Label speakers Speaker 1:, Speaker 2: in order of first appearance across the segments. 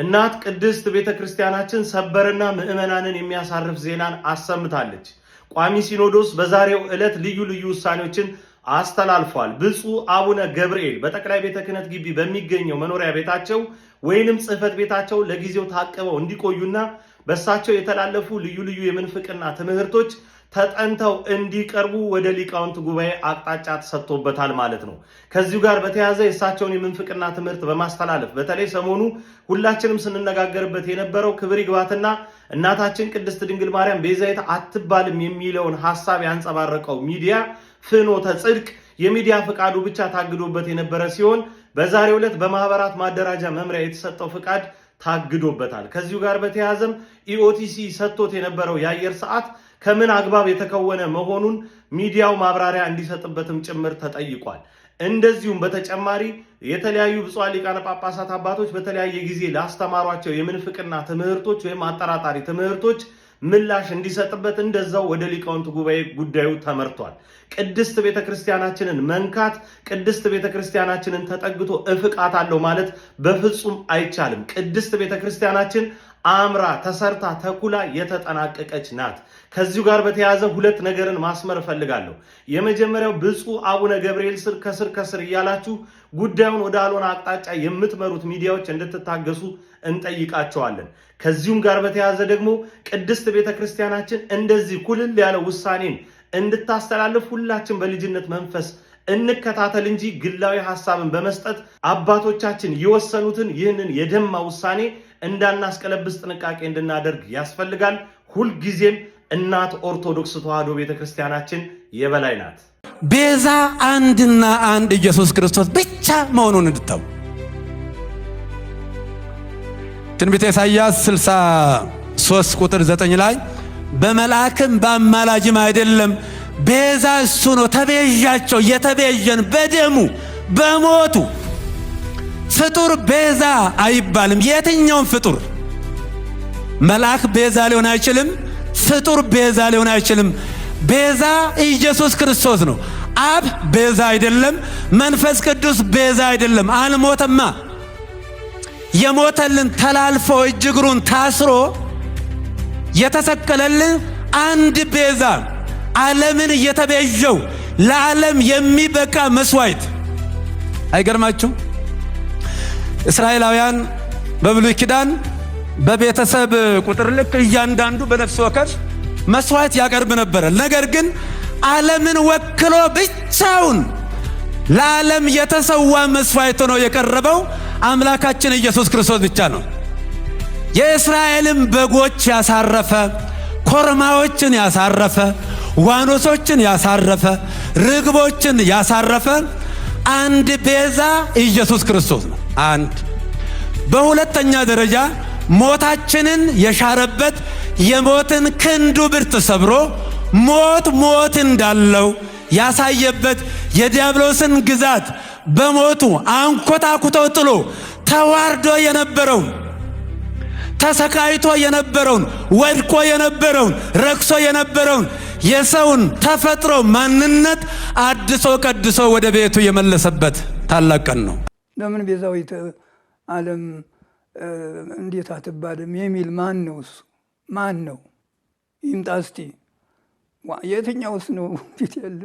Speaker 1: እናት ቅድስት ቤተ ክርስቲያናችን ሰበርና ምዕመናንን የሚያሳርፍ ዜናን አሰምታለች። ቋሚ ሲኖዶስ በዛሬው ዕለት ልዩ ልዩ ውሳኔዎችን አስተላልፏል። ብፁዕ አቡነ ገብርኤል በጠቅላይ ቤተ ክህነት ግቢ በሚገኘው መኖሪያ ቤታቸው ወይንም ጽሕፈት ቤታቸው ለጊዜው ታቅበው እንዲቆዩና በእሳቸው የተላለፉ ልዩ ልዩ የምንፍቅና ትምህርቶች ተጠንተው እንዲቀርቡ ወደ ሊቃውንት ጉባኤ አቅጣጫ ተሰጥቶበታል ማለት ነው። ከዚሁ ጋር በተያያዘ የእሳቸውን የምንፍቅና ትምህርት በማስተላለፍ በተለይ ሰሞኑ ሁላችንም ስንነጋገርበት የነበረው ክብር ይግባትና እናታችን ቅድስት ድንግል ማርያም ቤዛይት አትባልም የሚለውን ሀሳብ ያንጸባረቀው ሚዲያ ፍኖተ ጽድቅ የሚዲያ ፍቃዱ ብቻ ታግዶበት የነበረ ሲሆን በዛሬው ዕለት በማህበራት ማደራጃ መምሪያ የተሰጠው ፍቃድ ታግዶበታል። ከዚሁ ጋር በተያያዘም ኢኦቲሲ ሰጥቶት የነበረው የአየር ሰዓት ከምን አግባብ የተከወነ መሆኑን ሚዲያው ማብራሪያ እንዲሰጥበትም ጭምር ተጠይቋል። እንደዚሁም በተጨማሪ የተለያዩ ብፁዓን ሊቃነ ጳጳሳት አባቶች በተለያየ ጊዜ ላስተማሯቸው የምንፍቅና ትምህርቶች ወይም አጠራጣሪ ትምህርቶች ምላሽ እንዲሰጥበት እንደዛው ወደ ሊቃውንት ጉባኤ ጉዳዩ ተመርቷል። ቅድስት ቤተ ክርስቲያናችንን መንካት፣ ቅድስት ቤተ ክርስቲያናችንን ተጠግቶ እፍቃት አለው ማለት በፍጹም አይቻልም። ቅድስት ቤተ ክርስቲያናችን አምራ ተሰርታ ተኩላ የተጠናቀቀች ናት። ከዚሁ ጋር በተያያዘ ሁለት ነገርን ማስመር እፈልጋለሁ። የመጀመሪያው ብፁዕ አቡነ ገብርኤል ስር ከስር ከስር እያላችሁ ጉዳዩን ወደ አልሆነ አቅጣጫ የምትመሩት ሚዲያዎች እንድትታገሱ እንጠይቃቸዋለን። ከዚሁም ጋር በተያያዘ ደግሞ ቅድስት ቤተ ክርስቲያናችን እንደዚህ ኩልል ያለ ውሳኔን እንድታስተላልፍ ሁላችን በልጅነት መንፈስ እንከታተል እንጂ ግላዊ ሀሳብን በመስጠት አባቶቻችን የወሰኑትን ይህንን የደማ ውሳኔ እንዳናስቀለብስ ጥንቃቄ እንድናደርግ ያስፈልጋል። ሁልጊዜም እናት ኦርቶዶክስ ተዋሕዶ ቤተ ክርስቲያናችን የበላይ ናት።
Speaker 2: ቤዛ አንድና አንድ ኢየሱስ ክርስቶስ ብቻ መሆኑን እንድታው ትንቢተ ኢሳይያስ 63 ቁጥር 9 ላይ በመልአክም በአማላጅም አይደለም ቤዛ እሱ ነው። ተቤዣቸው የተቤዠን በደሙ በሞቱ ፍጡር ቤዛ አይባልም። የትኛውም ፍጡር መልአክ ቤዛ ሊሆን አይችልም። ፍጡር ቤዛ ሊሆን አይችልም። ቤዛ ኢየሱስ ክርስቶስ ነው። አብ ቤዛ አይደለም። መንፈስ ቅዱስ ቤዛ አይደለም። አልሞተማ። የሞተልን ተላልፎ እጅ እግሩን ታስሮ የተሰቀለልን አንድ ቤዛ ዓለምን እየተቤዠው ለዓለም የሚበቃ መስዋዕት አይገርማችሁም? እስራኤላውያን በብሉይ ኪዳን በቤተሰብ ቁጥር ልክ እያንዳንዱ በነፍስ ወከፍ መስዋዕት ያቀርብ ነበረ። ነገር ግን ዓለምን ወክሎ ብቻውን ለዓለም የተሰዋ መስዋዕት ሆኖ የቀረበው አምላካችን ኢየሱስ ክርስቶስ ብቻ ነው። የእስራኤልን በጎች ያሳረፈ፣ ኮርማዎችን ያሳረፈ፣ ዋኖሶችን ያሳረፈ፣ ርግቦችን ያሳረፈ አንድ ቤዛ ኢየሱስ ክርስቶስ ነው። አንድ በሁለተኛ ደረጃ ሞታችንን የሻረበት የሞትን ክንዱ ብርት ሰብሮ ሞት ሞት እንዳለው ያሳየበት የዲያብሎስን ግዛት በሞቱ አንኮታኩቶ ጥሎ ተዋርዶ የነበረውን ተሰቃይቶ የነበረውን ወድቆ የነበረውን ረክሶ የነበረውን የሰውን ተፈጥሮ ማንነት አድሶ ቀድሶ ወደ ቤቱ የመለሰበት ታላቅ ቀን ነው።
Speaker 3: ለምን ቤዛዊተ ዓለም እንዴት አትባልም የሚል ማን ነው? እሱ ማን ነው? ይምጣ እስቲ። የትኛውስ ነው ፊት የለ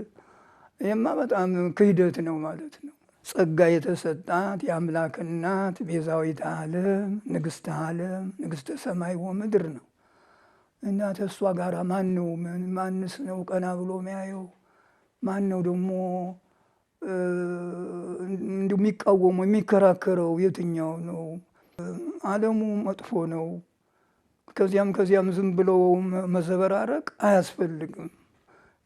Speaker 3: ይህማ በጣም ክህደት ነው ማለት ነው። ጸጋ የተሰጣት የአምላክ እናት ቤዛዊተ ዓለም ንግሥተ ዓለም ንግሥተ ሰማይ ወምድር ነው እና ተሷ ጋር ማን ነው? ማንስ ነው ቀና ብሎ ሚያየው? ማን ነው ደግሞ የሚቃወመው የሚከራከረው የትኛው ነው? ዓለሙ መጥፎ ነው። ከዚያም ከዚያም ዝም ብለው መዘበራረቅ አያስፈልግም።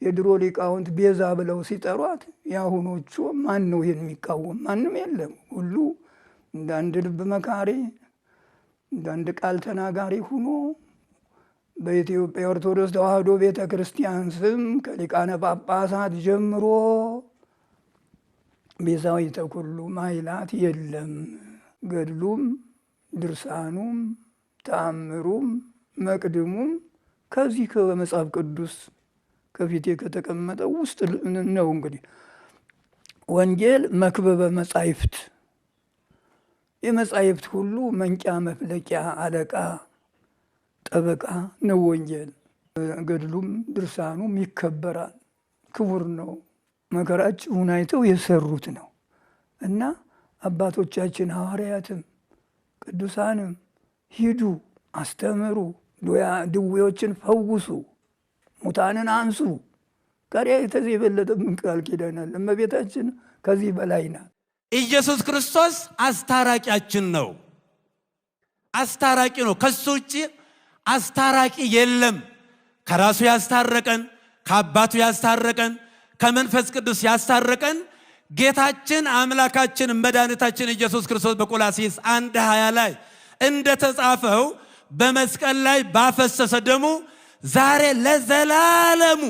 Speaker 3: የድሮ ሊቃውንት ቤዛ ብለው ሲጠሯት የአሁኖቹ ማን ነው ይህን የሚቃወም? ማንም የለም። ሁሉ እንደ አንድ ልብ መካሪ፣ እንደ አንድ ቃል ተናጋሪ ሁኖ በኢትዮጵያ ኦርቶዶክስ ተዋሕዶ ቤተ ክርስቲያን ስም ከሊቃነ ጳጳሳት ጀምሮ ቤዛዊተ ኩሉ ማይላት የለም። ገድሉም ድርሳኑም ተአምሩም መቅድሙም ከዚህ ከመጽሐፍ ቅዱስ ከፊቴ ከተቀመጠው ውስጥ ነው። እንግዲህ ወንጌል መክበበ መጻሕፍት የመጻሕፍት ሁሉ መንጫ መፍለቂያ አለቃ ጠበቃ ነው ወንጌል። ገድሉም ድርሳኑም ይከበራል፣ ክቡር ነው። መከራችሁን አይተው የሰሩት ነው እና አባቶቻችን ሐዋርያትም ቅዱሳንም ሂዱ፣ አስተምሩ፣ ድዌዎችን ፈውሱ፣ ሙታንን አንሱ። ቀሪያ የተዚህ የበለጠ ምን ቃል ኪዳናል? እመቤታችን ከዚህ በላይ ናት።
Speaker 2: ኢየሱስ ክርስቶስ አስታራቂያችን ነው። አስታራቂ ነው። ከሱ ውጭ አስታራቂ የለም። ከራሱ ያስታረቀን፣ ከአባቱ ያስታረቀን ከመንፈስ ቅዱስ ያስታረቀን ጌታችን አምላካችን መድኃኒታችን ኢየሱስ ክርስቶስ በቆላሲስ አንድ ሀያ ላይ እንደተጻፈው በመስቀል ላይ ባፈሰሰ ደሙ ዛሬ ለዘላለሙ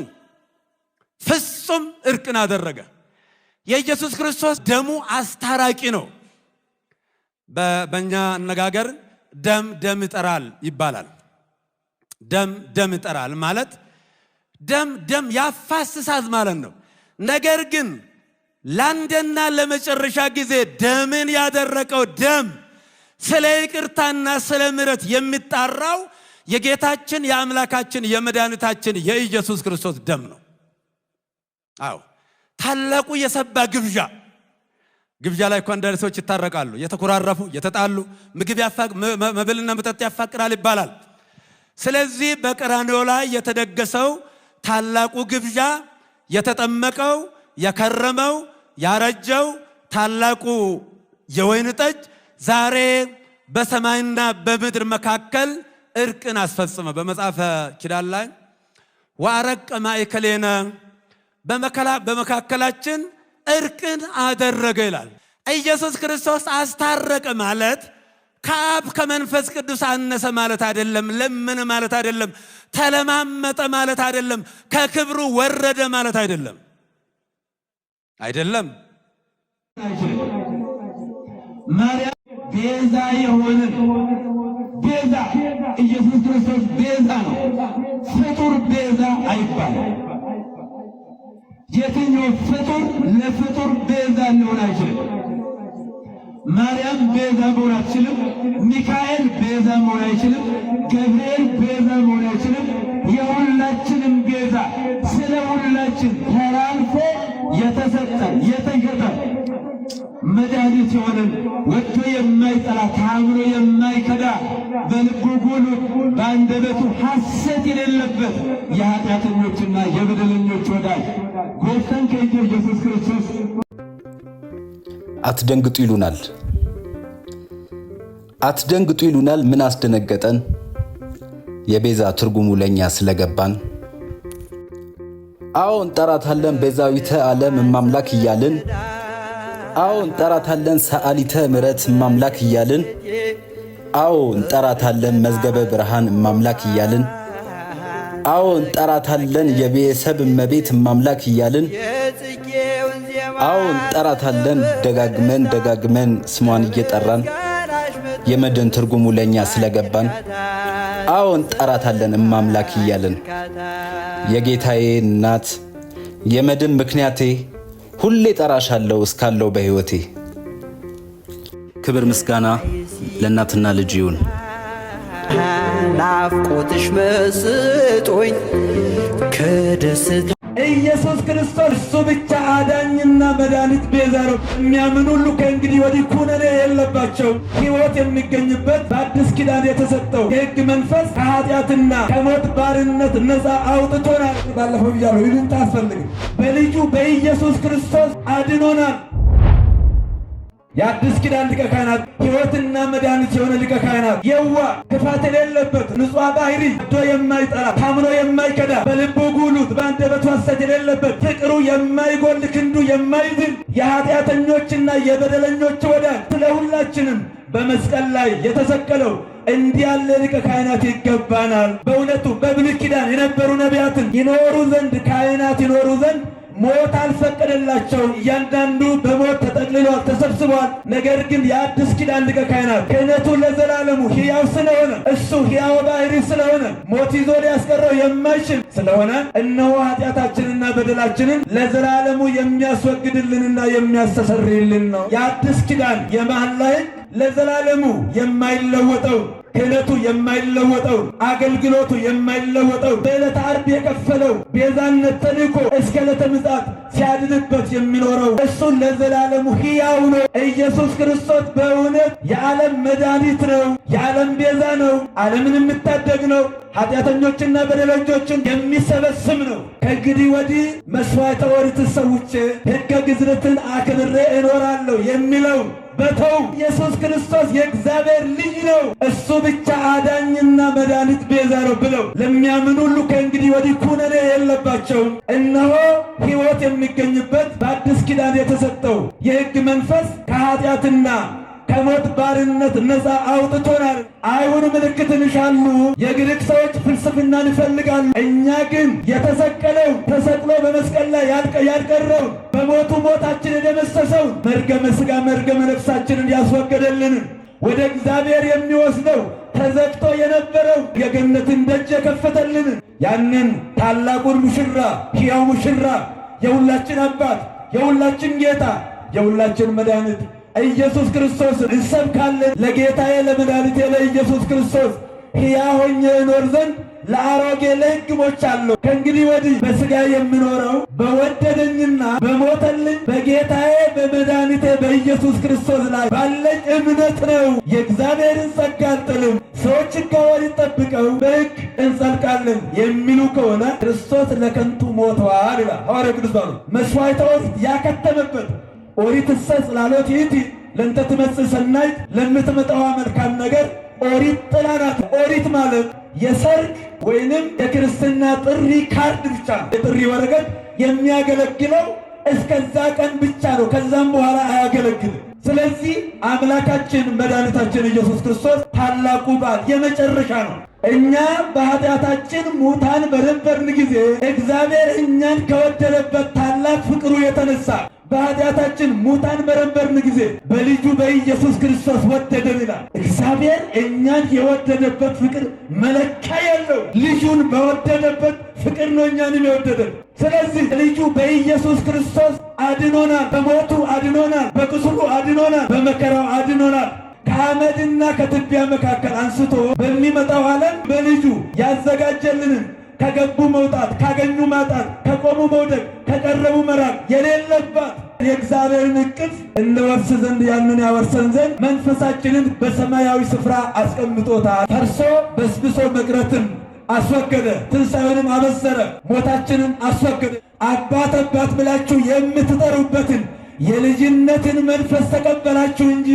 Speaker 2: ፍጹም እርቅን አደረገ። የኢየሱስ ክርስቶስ ደሙ አስታራቂ ነው። በእኛ አነጋገር ደም ደም ይጠራል ይባላል። ደም ደም ይጠራል ማለት ደም ደም ያፋስሳል ማለት ነው። ነገር ግን ለአንድና ለመጨረሻ ጊዜ ደምን ያደረቀው ደም ስለ ይቅርታና ስለ ምረት የሚጣራው የጌታችን የአምላካችን የመድኃኒታችን የኢየሱስ ክርስቶስ ደም ነው። አዎ ታላቁ የሰባ ግብዣ ግብዣ ላይ እኳ አንዳንድ ሰዎች ይታረቃሉ። የተኮራረፉ፣ የተጣሉ ምግብ መብልና መጠጥ ያፋቅራል ይባላል። ስለዚህ በቀራንዮ ላይ የተደገሰው ታላቁ ግብዣ የተጠመቀው የከረመው ያረጀው ታላቁ የወይን ጠጅ ዛሬ በሰማይና በምድር መካከል እርቅን አስፈጽመ። በመጽሐፈ ኪዳን ላይ ወአረቀ ማእከሌነ በመካከላችን እርቅን አደረገ ይላል። ኢየሱስ ክርስቶስ አስታረቀ ማለት ከአብ ከመንፈስ ቅዱስ አነሰ ማለት አይደለም፣ ለምን ማለት አይደለም። ተለማመጠ ማለት አይደለም። ከክብሩ ወረደ ማለት አይደለም። አይደለም ማርያም ቤዛ የሆነ ቤዛ ኢየሱስ ክርስቶስ ቤዛ ነው። ፍጡር ቤዛ አይባልም። የትኛው ፍጡር ለፍጡር ቤዛ ሊሆን አይችልም። ማርያም ቤዛ መሆን አትችልም። ሚካኤል ቤዛ መሆን አይችልም። ገብርኤል ታምኖ የማይከዳ በልጉጉሉ በአንደበቱ ሐሰት የሌለበት የኃጢአተኞችና የበደለኞች ወዳጅ ጎልተን ከእጀ ኢየሱስ ክርስቶስ
Speaker 4: አትደንግጡ ይሉናል። አትደንግጡ ይሉናል። ምን አስደነገጠን? የቤዛ ትርጉሙ ለእኛ ስለገባን አዎ እንጠራታለን ቤዛዊተ ዓለም እማምላክ እያልን አዎ እንጠራታለን ሰዓሊተ ምረት እማምላክ እያልን አዎ ጠራታለን መዝገበ ብርሃን ማምላክ እያልን አዎ እንጠራታለን የቤተሰብ መቤት እማምላክ እያልን አዎ እንጠራታለን ደጋግመን ደጋግመን ስሟን እየጠራን የመድን ትርጉሙ ለእኛ ስለገባን አዎ ጠራታለን እማምላክ እያልን የጌታዬ እናት የመድን ምክንያቴ ሁሌ ጠራሻለሁ እስካለው በህይወቴ ክብር ምስጋና ለእናትና ልጅ ይሁን።
Speaker 5: ናፍቆትሽ መስጦኝ ከደስታ
Speaker 6: ኢየሱስ ክርስቶስ እሱ ብቻ አዳኝና መድኃኒት ቤዛ ነው። የሚያምን ሁሉ ከእንግዲህ ወዲህ ኩነኔ የለባቸው። ሕይወት የሚገኝበት በአዲስ ኪዳን የተሰጠው የሕግ መንፈስ ከኃጢአትና ከሞት ባርነት ነፃ አውጥቶናል። ባለፈው ብያለሁ፣ ይሉኝታ አስፈልግም። በልጁ በኢየሱስ ክርስቶስ አድኖናል። የአዲስ ኪዳን ሊቀ ካህናት ሕይወትና መድኃኒት የሆነ ሊቀ ካህናት የዋ ክፋት የሌለበት ንጹሕ ባህሪ ዶ የማይጠራ ታምኖ የማይከዳ በልቡ ጉሉት በአንደበቱ ሐሰት የሌለበት ፍቅሩ የማይጎል ክንዱ የማይዝል የኃጢአተኞችና የበደለኞች ወዳጅ ስለ ሁላችንም በመስቀል ላይ የተሰቀለው እንዲህ ያለ ሊቀ ካህናት ይገባናል። በእውነቱ በብሉይ ኪዳን የነበሩ ነቢያትን ይኖሩ ዘንድ ካህናት ይኖሩ ዘንድ ሞት አልፈቀደላቸውም። እያንዳንዱ በሞት ተጠቅልሏል፣ ተሰብስቧል። ነገር ግን የአዲስ ኪዳን ሊቀ ካህናት ክህነቱ ለዘላለሙ ሕያው ስለሆነ እሱ ሕያው ባህሪ ስለሆነ ሞት ይዞ ሊያስቀረው የማይችል ስለሆነ እነሆ ኃጢአታችንና በደላችንን ለዘላለሙ የሚያስወግድልንና የሚያስተሰርይልን ነው። የአዲስ ኪዳን የመሐላ ሕግ ለዘላለሙ የማይለወጠው ክህነቱ የማይለወጠው አገልግሎቱ የማይለወጠው በዕለተ ዓርብ የከፈለው ቤዛነት ተልእኮ እስከ ዕለተ ምጽአት ሲያድንበት የሚኖረው እሱን ለዘላለሙ ሕያው ነው። ኢየሱስ ክርስቶስ በእውነት የዓለም መድኃኒት ነው። የዓለም ቤዛ ነው። ዓለምን የምታደግ ነው። ኃጢአተኞችና በደለኞችን የሚሰበስብ ነው። ከእንግዲህ ወዲህ መሥዋዕተ ኦሪትን ሰውቼ ሕገ ግዝረትን አክብሬ እኖራለሁ የሚለው የሰነበተው ኢየሱስ ክርስቶስ የእግዚአብሔር ልጅ ነው፣ እሱ ብቻ አዳኝና መድኃኒት ቤዛ ነው ብለው ለሚያምኑ ሁሉ ከእንግዲህ ወዲህ ኩነኔ የለባቸውም። እነሆ ሕይወት የሚገኝበት በአዲስ ኪዳን የተሰጠው የሕግ መንፈስ ከኃጢአትና ከሞት ባርነት ነፃ አውጥቶናል። አይሁድ ምልክትን ይሻሉ፣ የግሪክ ሰዎች ፍልስፍናን ይፈልጋሉ። እኛ ግን የተሰቀለው ተሰቅሎ በመስቀል ላይ ያልቀረውን በሞቱ ሞታችንን የደመሰሰው መርገመ ሥጋ መርገመ ነፍሳችንን ያስወገደልን ወደ እግዚአብሔር የሚወስደው ተዘግቶ የነበረው የገነትን ደጅ የከፈተልን ያንን ታላቁን ሙሽራ ሕያው ሙሽራ የሁላችን አባት የሁላችን ጌታ የሁላችን መድኃኒት ኢየሱስ ክርስቶስ እንሰብካለን። ለጌታዬ ለመድኃኒቴ ለኢየሱስ ክርስቶስ ሕያው ሆኜ እኖር ዘንድ ለአሮጌ ለሕግ ሞቻለሁ። ከእንግዲህ ወዲህ በሥጋ የምኖረው በወደደኝና በሞተልኝ በጌታዬ በመድኃኒቴ በኢየሱስ ክርስቶስ ላይ ባለኝ እምነት ነው። የእግዚአብሔርን ጸጋ አልጥልም። ሰዎች ሕጋውን ይጠብቀው በሕግ እንጸድቃለን የሚሉ ከሆነ ክርስቶስ ለከንቱ ሞተዋል ይላል ሐዋርያው ቅዱስ ጳውሎስ። መሥዋዕታውን ያከተመበት ኦሪት ሰ ጽላሎት ይእቲ ለእንተ ትመጽእ ሰናይት ለምትመጣዋ መልካም ነገር ኦሪት ጥላ ናት። ኦሪት ማለት የሰርግ ወይንም የክርስትና ጥሪ ካርድ ብቻ የጥሪ ወረቀት የሚያገለግለው እስከዛ ቀን ብቻ ነው። ከዛም በኋላ አያገለግልም። ስለዚህ አምላካችን መድኃኒታችን ኢየሱስ ክርስቶስ ታላቁ በዓል የመጨረሻ ነው። እኛ በኃጢአታችን ሙታን በነበርን ጊዜ እግዚአብሔር እኛን ከወደደበት ታላቅ ፍቅሩ የተነሳ በኃጢአታችን ሙታን በነበርን ጊዜ በልጁ በኢየሱስ ክርስቶስ ወደደን ይላል። እግዚአብሔር እኛን የወደደበት ፍቅር መለኪያ ያለው ልጁን በወደደበት ፍቅር ነው እኛንም የወደደን። ስለዚህ ልጁ በኢየሱስ ክርስቶስ አድኖናል። በሞቱ አድኖናል። በቁስሉ አድኖናል። በመከራው አድኖናል። ከአመድና ከትቢያ መካከል አንስቶ በሚመጣው ዓለም በልጁ ያዘጋጀልንን ከገቡ መውጣት፣ ካገኙ ማጣት፣ ከቆሙ መውደቅ፣ ከቀረቡ መራቅ የሌለባት የእግዚአብሔርን እቅፍ እንወርስ ዘንድ ያንን ያወርሰን ዘንድ መንፈሳችንን በሰማያዊ ስፍራ አስቀምጦታል። ፈርሶ በስብሶ መቅረትን አስወገደ። ትንሣኤንም አበሰረ። ሞታችንን አስወገደ። አባት አባት ብላችሁ የምትጠሩበትን የልጅነትን መንፈስ ተቀበላችሁ እንጂ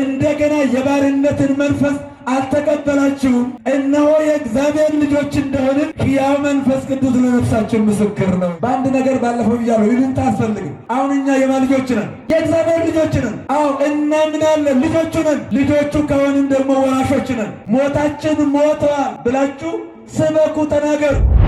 Speaker 6: እንደገና የባርነትን መንፈስ አልተቀበላችሁም። እነሆ የእግዚአብሔር ልጆች እንደሆንን ሕያው መንፈስ ቅዱስ ለነፍሳችን ምስክር ነው። በአንድ ነገር ባለፈው ብያለሁ፣ ይሉንታ አስፈልግም። አሁን እኛ የማ ልጆች ነን? የእግዚአብሔር ልጆች ነን። አዎ እናምናለን፣ ልጆቹ ነን። ልጆቹ ከሆንም ደግሞ ወራሾች ነን። ሞታችን ሞተዋል ብላችሁ ስበኩ፣ ተናገሩ።